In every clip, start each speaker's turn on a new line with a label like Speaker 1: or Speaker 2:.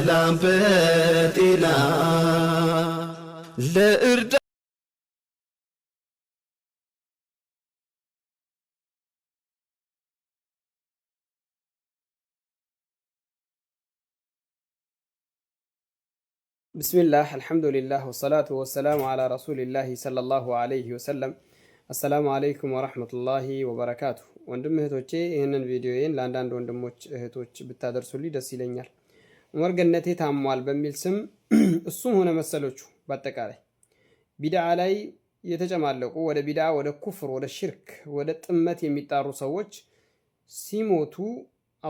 Speaker 1: በሰላም በጤና ለእርዳ ብስሚላህ አልሐምዱሊላህ ወሰላቱ ወሰላሙ አላ ረሱሊላህ ሰለላሁ አለይህ ወሰለም። አሰላሙ አለይኩም ወረህመቱላሂ ወበረካቱ። ወንድም እህቶቼ ይህንን ቪዲዮዬን ለአንዳንድ ወንድሞች እህቶች ብታደርሱልኝ ደስ ይለኛል። ዑመር ገነቴ ታሟል በሚል ስም እሱም ሆነ መሰሎቹ በአጠቃላይ ቢድዓ ላይ የተጨማለቁ ወደ ቢድዓ፣ ወደ ኩፍር፣ ወደ ሽርክ፣ ወደ ጥመት የሚጣሩ ሰዎች ሲሞቱ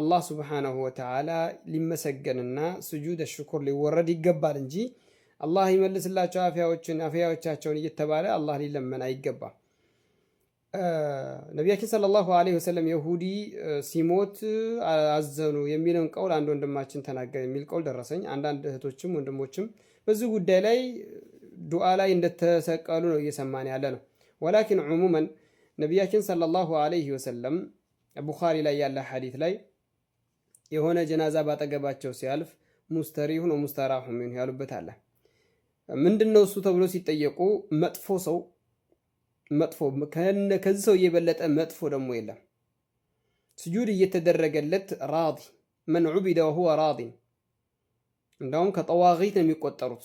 Speaker 1: አላህ ስብሓነሁ ወተዓላ ሊመሰገንና ስጁድ ሽኩር ሊወረድ ይገባል እንጂ አላህ ይመልስላቸው አፍያዎቻቸውን እየተባለ አላህ ሊለመን አይገባም። ነቢያችን ሰለላሁ ዐለይሂ ወሰለም የሁዲ ሲሞት አዘኑ የሚለውን ቀውል አንድ ወንድማችን ተናገር የሚል ቀውል ደረሰኝ። አንዳንድ እህቶችም ወንድሞችም በዚህ ጉዳይ ላይ ዱዓ ላይ እንደተሰቀሉ ነው እየሰማን ያለ ነው። ወላኪን ዑሙመን ነቢያችን ሰለላሁ ዐለይሂ ወሰለም ቡኻሪ ላይ ያለ ሐዲት ላይ የሆነ ጀናዛ ባጠገባቸው ሲያልፍ ሙስተሪሁን ወሙስተራሁ ሚንሁ ያሉበት አለ። ምንድን ነው እሱ ተብሎ ሲጠየቁ መጥፎ ሰው መጥፎ ከዚህ ሰው የበለጠ መጥፎ ደግሞ የለም። ስጁድ እየተደረገለት ራዲ መን ዑቢደ ወሁወ ራዲ እንዳውም ከጠዋቂት ነው የሚቆጠሩት።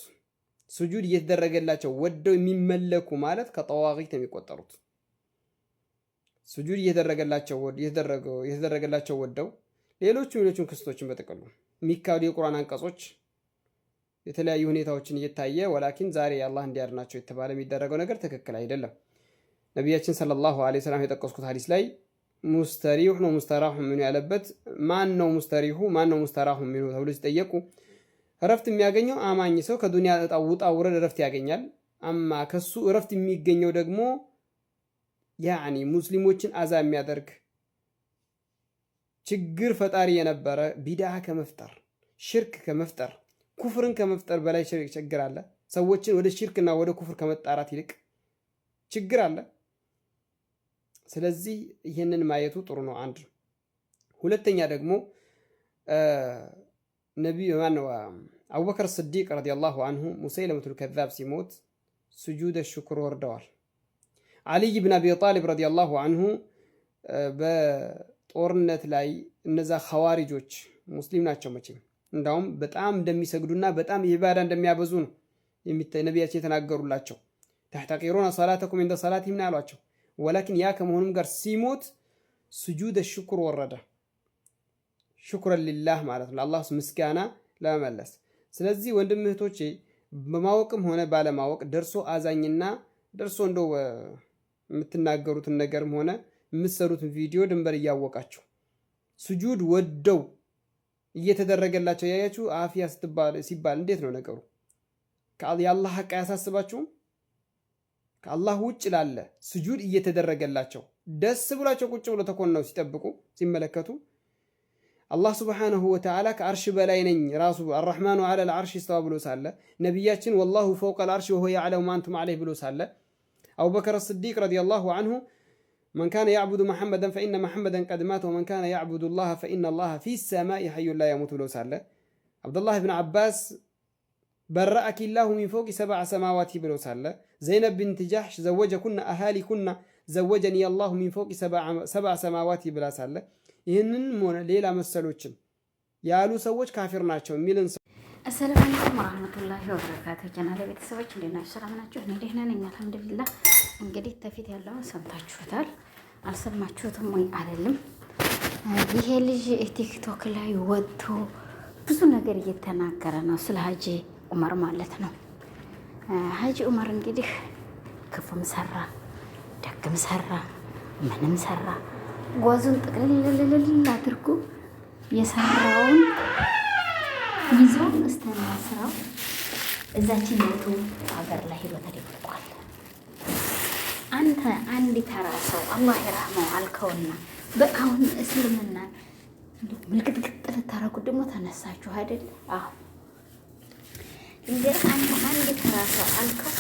Speaker 1: ስጁድ እየተደረገላቸው ወደው የሚመለኩ ማለት ከጠዋቂት ነው የሚቆጠሩት። ስጁድ እየተደረገላቸው ወደው ሌሎቹም ሌሎቹም ክስቶችን በጥቅሉ የሚካዱ የቁርአን አንቀጾች የተለያዩ ሁኔታዎችን እየታየ ወላኪን ዛሬ አላህ እንዲያድናቸው የተባለ የሚደረገው ነገር ትክክል አይደለም። ነቢያችን ሰለላሁ ዐለይሂ ወሰለም የጠቀስኩት ሀዲስ ላይ ሙስተሪሁ ነው ሙስተራሁ የሚኑ ያለበት ማን ነው ሙስተሪሁ ማን ነው ሙስተራሁ የሚኑ ተብሎ ሲጠየቁ እረፍት የሚያገኘው አማኝ ሰው ከዱንያ ውጣ ውረድ እረፍት ያገኛል። አማ ከሱ እረፍት የሚገኘው ደግሞ ያኒ ሙስሊሞችን አዛ የሚያደርግ ችግር ፈጣሪ የነበረ ቢድዓ ከመፍጠር ሽርክ ከመፍጠር ኩፍርን ከመፍጠር በላይ ችግር አለ። ሰዎችን ወደ ሽርክና ወደ ኩፍር ከመጣራት ይልቅ ችግር አለ። ስለዚህ ይህንን ማየቱ ጥሩ ነው። አንድ ሁለተኛ ደግሞ ነቢዩ ማነው አቡበከር ስዲቅ ረዲየላሁ አንሁ ሙሰይለመቱል ከዛብ ሲሞት ስጁደ ሽኩር ወርደዋል። አልይ ብን አቢ ጣሊብ ረዲየላሁ አንሁ በጦርነት ላይ እነዛ ኸዋሪጆች ሙስሊም ናቸው መቼም እንዳውም በጣም እንደሚሰግዱና በጣም ኢባዳ እንደሚያበዙ ነው ነቢያቸው የተናገሩላቸው። ተሕተቂሩነ ሰላተኩም እንደ ሰላት ነው ያሏቸው። ወላኪን ያ ከመሆኑም ጋር ሲሞት ስጁደ ሽኩር ወረደ። ሽኩረን ሊላህ ማለት ነው፣ ለአላህ ምስጋና ለመመለስ። ስለዚህ ወንድም እህቶቼ በማወቅም ሆነ ባለማወቅ ደርሶ አዛኝና ደርሶ እንደው የምትናገሩትን ነገርም ሆነ የምትሰሩትን ቪዲዮ ድንበር እያወቃችሁ ስጁድ ወደው እየተደረገላቸው ያያችሁ አፍያ ሲባል እንዴት ነው ነገሩ? የአላህ ሀቅ አያሳስባችሁም? ከአላህ ውጭ ላለ ስጁድ እየተደረገላቸው ደስ ብሏቸው ቁጭ ብሎ ተኮነው ሲጠብቁ ሲመለከቱ አላህ ስብሓነሁ ወተዓላ ከአርሽ በላይ ነኝ ራሱ አራሕማኑ ዓለል አርሽ ስተዋ ብሎ ሳለ ነቢያችን ወላሁ ፈውቀል አርሽ ወሆ ያዕለሙ ማ አንቱም ብሎ ሳለ አቡበከር ስዲቅ ረዲየላሁ አንሁ መንካነ ካነ ያዕቡዱ መሐመደን ፈኢነ መሐመደን ቀድ ማተ ወመን ካነ ያዕቡዱ ላሃ ፈኢነ ላሃ ፊ ሰማኢ ሐዩን ላ የሙት ብሎ ሳለ አብዱላህ ብን ዓባስ በራአኪላሁ ሚን ፎቂ ሰብዐ ሰማዋቲ ብሎ ሳለ ዘይነብ ብንት ጃሕሽ ዘወጀ ኩና አሃሊ ኩና ዘወጀኒ አላሁ ሚን ፎቂ ሰብዐ ሰማዋቲ ብላ ሳለ ይህንን ሆነ ሌላ መሰሎችን ያሉ ሰዎች ካፊር ናቸው የሚልን ሰው
Speaker 2: አሰላሙ አለይኩም ወረህመቱላሂ ወበረካቱ። ቻናሌ ቤተሰቦች እንዴት ናችሁ? ሰላም ናችሁ? እኔ ደህና ነኝ አልሐምዱሊላህ። እንግዲህ ተፊት ያለውን ሰምታችሁታል። አልሰማችሁትም ወይ አይደለም? ይሄ ልጅ ቲክቶክ ላይ ወጥቶ ብዙ ነገር እየተናገረ ነው ስለ ሀጂ ኡመር ማለት ነው። ሀጂ ኡመር እንግዲህ ክፉም ሰራ ደግም ሰራ ምንም ሰራ ጓዙን ጥቅልልልልል አድርጎ የሰራውን ይዞ እስተና ስራው እዛችን ሞቱ ሀገር ላይ ሂዶ ተደብቋል። አንተ አንድ ተራ ሰው አላህ ይራህመው አልከውና በአሁን እስልምና ምልክት ግጥ ልታረጉ ደግሞ ተነሳችሁ አይደል? አዎ እንጀራ አንድ አንድ ተራ ሰው አልከው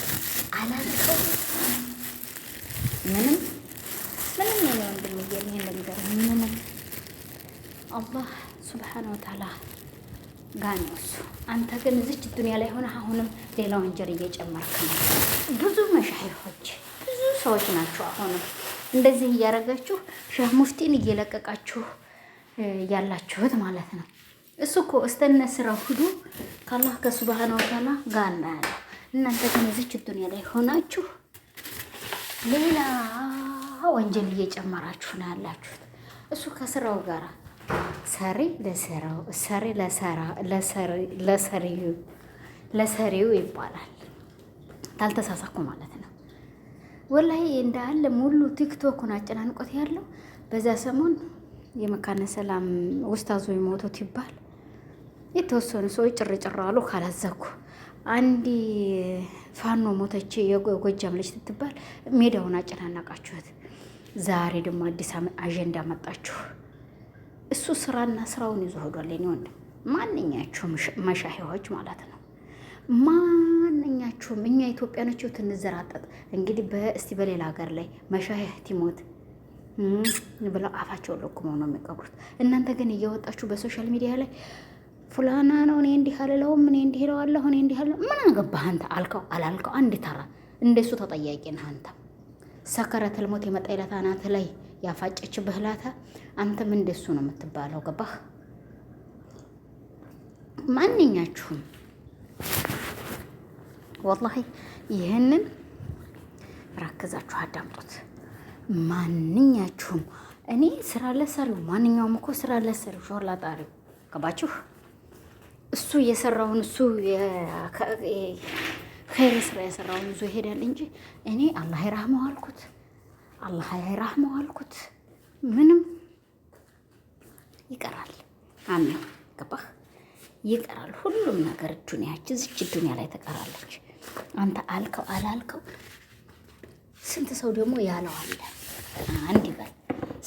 Speaker 2: አላልከው ምንም ምንም የኔ ወንድም እያለ ይህን ምንም አላህ ስብሓን ወተዓላ ጋን ወሱ አንተ ግን እዚች ዱኒያ ላይ ሆነ አሁንም ሌላ ወንጀል እየጨመርክ ነው። ብዙ መሻይሆች ብዙ ሰዎች ናቸው። አሁንም እንደዚህ እያደረጋችሁ ሸህ ሙፍቲን እየለቀቃችሁ ያላችሁት ማለት ነው። እሱ እኮ እስተነ ስራው ሂዱ ካላህ ከሱብሃነ ወተዓላ ጋር ነው ያለው። እናንተ ግን እዚች ዱንያ ላይ ሆናችሁ ሌላ ወንጀል እየጨመራችሁ ነው ያላችሁት። እሱ ከስራው ጋር ሰሪ ለስራው ሰሪ ለሰራ ለሰሪው ለሰሪው ይባላል። ታልተሳሳኩ ማለት ነው። ወላሂ እንዳለ ሙሉ ቲክቶኩን አጨናንቆት ያለው በዛ ሰሞን የመካነ ሰላም ውስታዙ የሞቱት ይባል የተወሰኑ ሰዎች ጭርጭር አሉ። ካላዘኩ አንድ ፋኖ ሞተች የጎጃም ልጅ ስትባል ሜዳውን አጨናናቃችሁት። ዛሬ ደግሞ አዲስ አጀንዳ መጣችሁ። እሱ ስራና ስራውን ይዞ ሄዷል። ኔ ወንድም ማንኛችሁም መሻሄዎች ማለት ነው ማንኛችሁም እኛ ኢትዮጵያኖች ትንዘራጠጥ እንግዲህ በእስቲ በሌላ ሀገር ላይ መሻሄ ቲሞት ብለው አፋቸውን ለኩመው ነው የሚቀብሩት። እናንተ ግን እየወጣችሁ በሶሻል ሚዲያ ላይ ፉላና ነው እኔ እንዲህ አልለውም እኔ እንዲህ እለዋለሁ እኔ እንዲህ አልለውም። ምን አገባህ አንተ አልከው አላልከው አንድ ተራ እንደሱ ተጠያቂ ነህ አንተ። ሰከረተል ሞት የመጣ ይለታ ናት ላይ ያፋጨች በህላታ አንተም እንደሱ ነው የምትባለው። ገባህ? ማንኛችሁም ወላሂ ይህንን ራክዛችሁ አዳምጡት። ማንኛችሁም እኔ ስራ ለሰሪው ማንኛውም እኮ ስራ ለሰሪው ሾላ ጣሪው ገባችሁ? እሱ የሰራውን እሱ ኸይር ስራ የሰራውን ይዞ ይሄዳል እንጂ እኔ አላህ ይራህመው አልኩት፣ አላህ ይራህመው አልኩት። ምንም ይቀራል። አሜ ገባህ? ይቀራል። ሁሉም ነገር ዱኒያችን ዝች ዱኒያ ላይ ትቀራለች። አንተ አልከው አላልከው፣ ስንት ሰው ደግሞ ያለው አለ ይበል።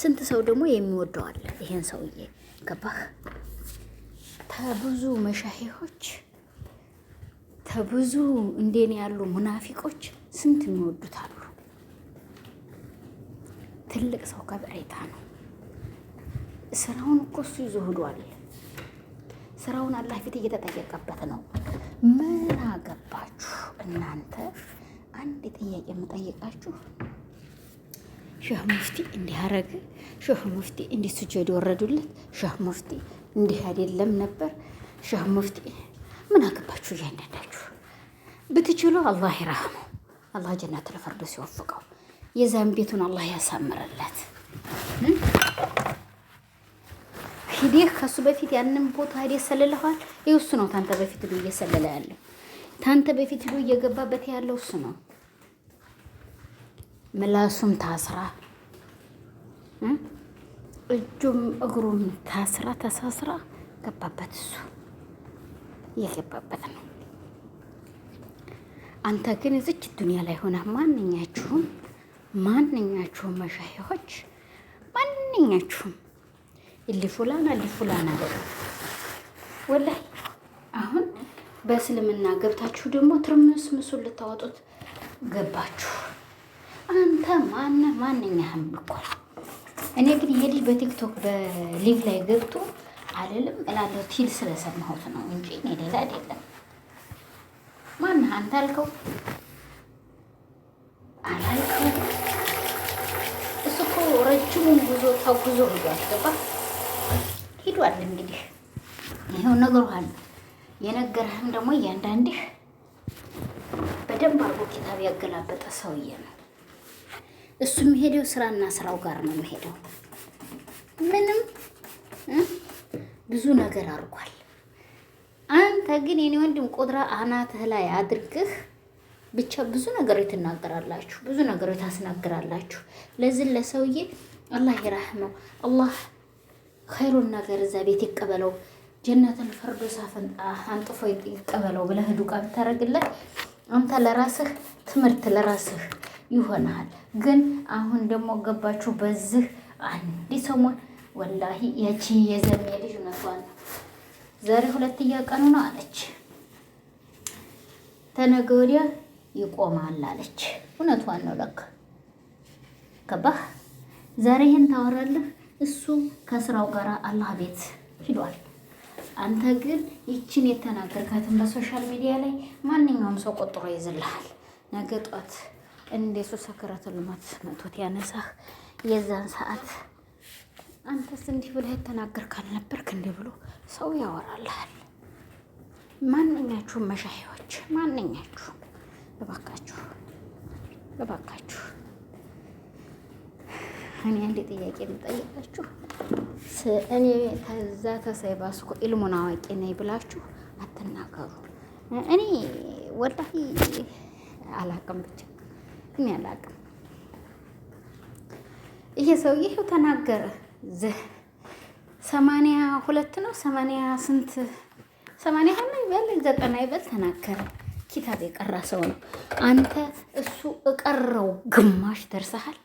Speaker 2: ስንት ሰው ደግሞ የሚወደው አለ። ይሄን ሰውዬ ገባህ? ከብዙ መሻሄዎች ከብዙ እንደኔ ያሉ ሙናፊቆች ስንት የሚወዱታሉ። ትልቅ ሰው ከበሬታ ነው። ስራውን እኮ እሱ ይዞ ስራውን አላህ ፊት እየተጠየቀበት ነው። ምን አገባችሁ እናንተ? አንድ ጥያቄ የምጠይቃችሁ ሸህ ሙፍቲ እንዲህ አረገ፣ ሸህ ሙፍቲ እንዲህ ወረዱለት፣ ሸህ ሙፍቲ እንዲህ አይደለም ነበር። ሻህ ሙፍቲ ምን አገባችሁ? እያንዳንዳችሁ ብትችሉ አላህ ይራህሙ፣ አላህ ጀናት ለፈርዶ ሲወፍቀው፣ የዛን ቤቱን አላህ ያሳምርለት። ሂዴህ ከሱ በፊት ያንን ቦታ ሂዴህ ሰልለኸዋል። ይኸው እሱ ነው ታንተ በፊት ሉ እየሰለለ ያለው ታንተ በፊት ሉ እየገባበት ያለው እሱ ነው። ምላሱም ታስራ እጁም እግሩም ታስራ ተሳስራ ገባበት። እሱ እየገባበት ነው። አንተ ግን እዚች ዱኒያ ላይ ሆነ ማንኛችሁም ማንኛችሁም መሻሄዎች ማንኛችሁም እሊፉላና እሊፉላና ደግሞ ወላይ አሁን በእስልምና ገብታችሁ ደግሞ ትርምስ ምሱን ልታወጡት ገባችሁ። አንተ ማነ ማንኛህም እኮ እኔ ግን ይሄ ልጅ በቲክቶክ በሊቭ ላይ ገብቶ አልልም እላለሁ ቲል ስለሰማሁት ነው እንጂ እኔ ሌላ አይደለም። ማነህ አንተ አልከው አላልከው። እሱ እኮ ረጅሙን ጉዞ ተጉዞ ሂዷል። ገባ ሂዷል። እንግዲህ ይኸው ነግሮሃል። የነገረህም ደግሞ እያንዳንድህ በደንብ አርጎ ኪታብ ያገላበጠ ሰውዬ ነው። እሱ የሚሄደው ስራና ስራው ጋር ነው የሚሄደው። ምንም ብዙ ነገር አድርጓል። አንተ ግን የኔ ወንድም ቆድራ አናትህ ላይ አድርግህ ብቻ ብዙ ነገር ትናገራላችሁ፣ ብዙ ነገር ታስናግራላችሁ። ለዚህ ለሰውዬ አላህ ይራህመው፣ አላህ ኸይሩን ነገር እዛ ቤት ይቀበለው፣ ጀነትን ፈርዶስ አንጥፎ ይቀበለው ብለህ ዱቃ ብታረግለት አንተ ለራስህ ትምህርት ለራስህ ይሆናል። ግን አሁን ደግሞ ገባችሁ በዚህ አንድ ሰሞን ወላሂ ያቺ የዘሜ ልጅ እውነቷን ነው። ዛሬ ሁለት እያቀኑ ነው አለች። ተነገ ወዲያ ይቆማል አለች። እውነቷን ነው ለካ ከባህ ዛሬ ይህን ታወራለህ። እሱ ከስራው ጋር አላህ ቤት ሂዷል። አንተ ግን ይችን የተናገርካትን በሶሻል ሚዲያ ላይ ማንኛውም ሰው ቆጥሮ ይዝልሃል ነገ ጧት እንደሱ ሰክረተ ልማት መቶት ያነሳህ የዛን ሰዓት አንተስ እንዲህ ብለህ የተናገርክ አልነበርክ እንዲህ ብሎ ሰው ያወራልሃል። ማንኛችሁም መሻሂዎች ማንኛችሁም እባካችሁ እባካችሁ እኔ አንድ ጥያቄ ልጠይቃችሁ። እኔ ከዛ ተሳይባስኮ ኢልሙን አዋቂ ነኝ ብላችሁ አትናገሩ። እኔ ወላሂ አላቅም ብቻ እኔ አላውቅም። ይሄ ሰው ይኸው ተናገረ። ዝህ ሰማንያ ሁለት ነው ሰማንያ ስንት ሰማንያ ሆነ ይበል ዘጠና ይበል ተናገረ። ኪታብ የቀራ ሰው ነው። አንተ እሱ እቀረው ግማሽ ደርሰሃል፣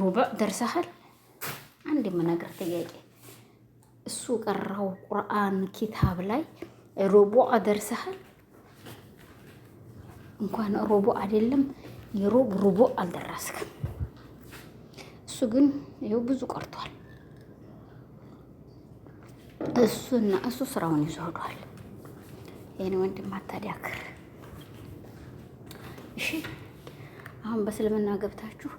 Speaker 2: ሩብዕ ደርሰሃል። አንድ የምነግር ጥያቄ እሱ ቀራው ቁርአን ኪታብ ላይ ሩቡዕ ደርሰሃል። እንኳን ሩቡዕ አይደለም የሩብ ሩቦ አልደረስክም። እሱ ግን ይኸው ብዙ ቀርቷል። እሱና እሱ ስራውን ይዞ ሄዷል። የኔ ወንድም እሺ። አሁን በእስልምና ገብታችሁ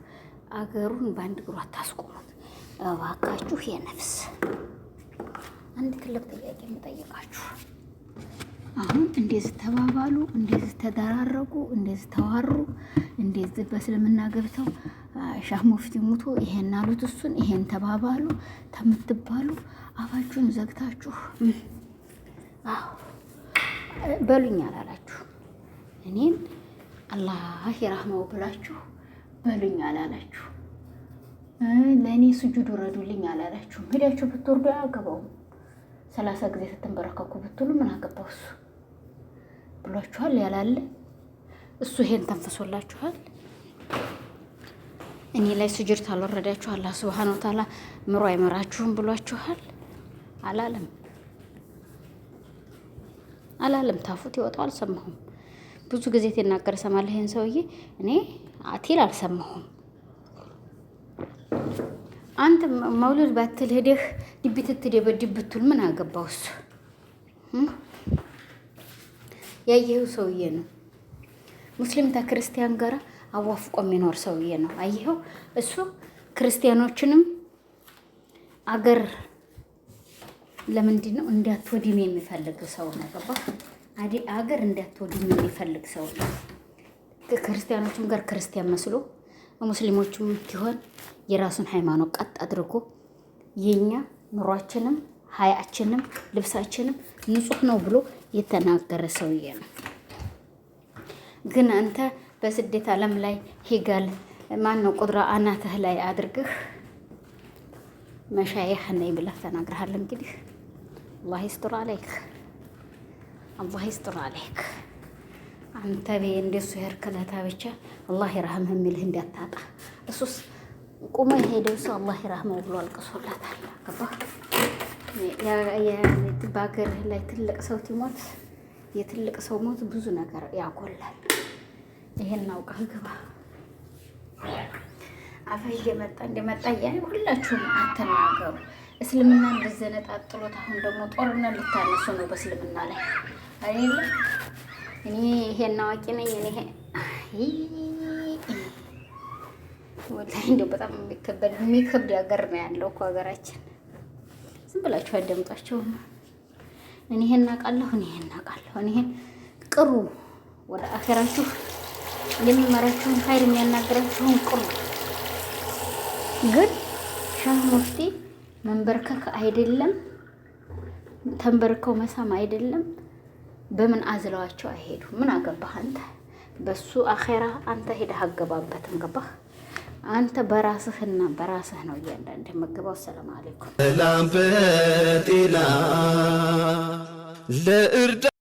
Speaker 2: አገሩን በአንድ እግሩ አታስቆሙት እባካችሁ። የነፍስ አንድ ትልቅ ጥያቄ የምጠይቃችሁ እንደዚህ ተባባሉ፣ እንደዚህ ተደራረቁ፣ እንደዚህ ተዋሩ፣ እንደዚህ በእስልምና ገብተው ሻህ ሙፍቲ ሙቶ ይሄን አሉት እሱን ይሄን ተባባሉ ተምትባሉ አፋችሁን ዘግታችሁ አዎ በሉኝ አላላችሁ። እኔን አላህ ይራህመው ብላችሁ በሉኝ አላላችሁ። ለእኔ ስጁድ ውረዱልኝ አላላችሁ። ሄዳችሁ ብትወርዱ አያገባውም። ሰላሳ ጊዜ ስትንበረከኩ ብትሉ ምን አገባው እሱ? ብሏችኋል ያላለ እሱ ይሄን ተንፍሶላችኋል። እኔ ላይ ስጅርት አልወረዳችሁ አላህ ስብሓን ወተዓላ ምሮ አይመራችሁም ብሏችኋል። አላለም አላለም። ታፉት ይወጣው አልሰማሁም። ብዙ ጊዜ ትናገር እሰማለሁ። ይሄን ሰውዬ እኔ አቲል አልሰማሁም። አንተ መውሉድ ባትል ሄደህ ድብትት ደበድብትል ምን አገባውስ? ያየኸው ሰውዬ ነው። ሙስሊም ከክርስቲያን ጋር አዋፍቆ የሚኖር ሰውዬ ነው። አየኸው እሱ ክርስቲያኖችንም አገር ለምንድን ነው እንዳትወድም የሚፈልግ ሰው ነው። ገባ አገር እንዳትወድም የሚፈልግ ሰው ነው። ከክርስቲያኖቹም ጋር ክርስቲያን መስሎ ሙስሊሞቹም ሲሆን የራሱን ሃይማኖት ቀጥ አድርጎ የኛ ኑሯችንም ሀያችንም ልብሳችንም ንጹህ ነው ብሎ የተናገረ ሰውዬ ነው። ግን አንተ በስደት ዓለም ላይ ሂጋል ማን ነው ቁድራ አናትህ ላይ አድርግህ መሻይህ ነይ ብለህ ተናግረሃል። እንግዲህ አላህ ይስጥር አለይክ፣ አላህ ይስጥር አለይክ። አንተ ቤ እንደሱ የርክለታ ብቻ አላህ ይራህምህ የሚልህ እንዲያታጣ እሱስ ቁሞ የሄደው ሰው አላህ ይራህመው ብሎ አልቅሶላታል። ገባህ? በሀገርህ ላይ ትልቅ ሰው ሲሞት የትልቅ ሰው ሞት ብዙ ነገር ያጎላል። ይሄን አውቀህ ግባ። አፈ እየመጣ እንደመጣ እያለ ሁላችሁም አትናገሩ። እስልምና እንድዘነጣጥሎት አሁን ደግሞ ጦርነት ልታነሱ ነው በእስልምና ላይ አይደለ? እኔ ይሄን አዋቂ ነኝ። እኔ ወላሂ እንደው በጣም የሚከበድ የሚከብድ ሀገር ነው ያለው እኮ ሀገራችን ዝም ብላችሁ አዳምጣቸው። እኔ ይሄን አውቃለሁ፣ እኔ ይሄን አውቃለሁ፣ እኔ ይሄን ቅሩ ወደ አፌራችሁ የሚመራችሁን ኃይል የሚያናግራችሁን ቅሩ። ግን ሻህ ሙፍቲ መንበርከክ አይደለም ተንበርከው መሳም አይደለም። በምን አዝለዋቸው አይሄዱ። ምን አገባህ አንተ በሱ አኼራ አንተ ሄደህ አገባበትም ገባህ አንተ በራስህና በራስህ ነው እያንዳንድ የምገባው። ሰላም አለይኩም።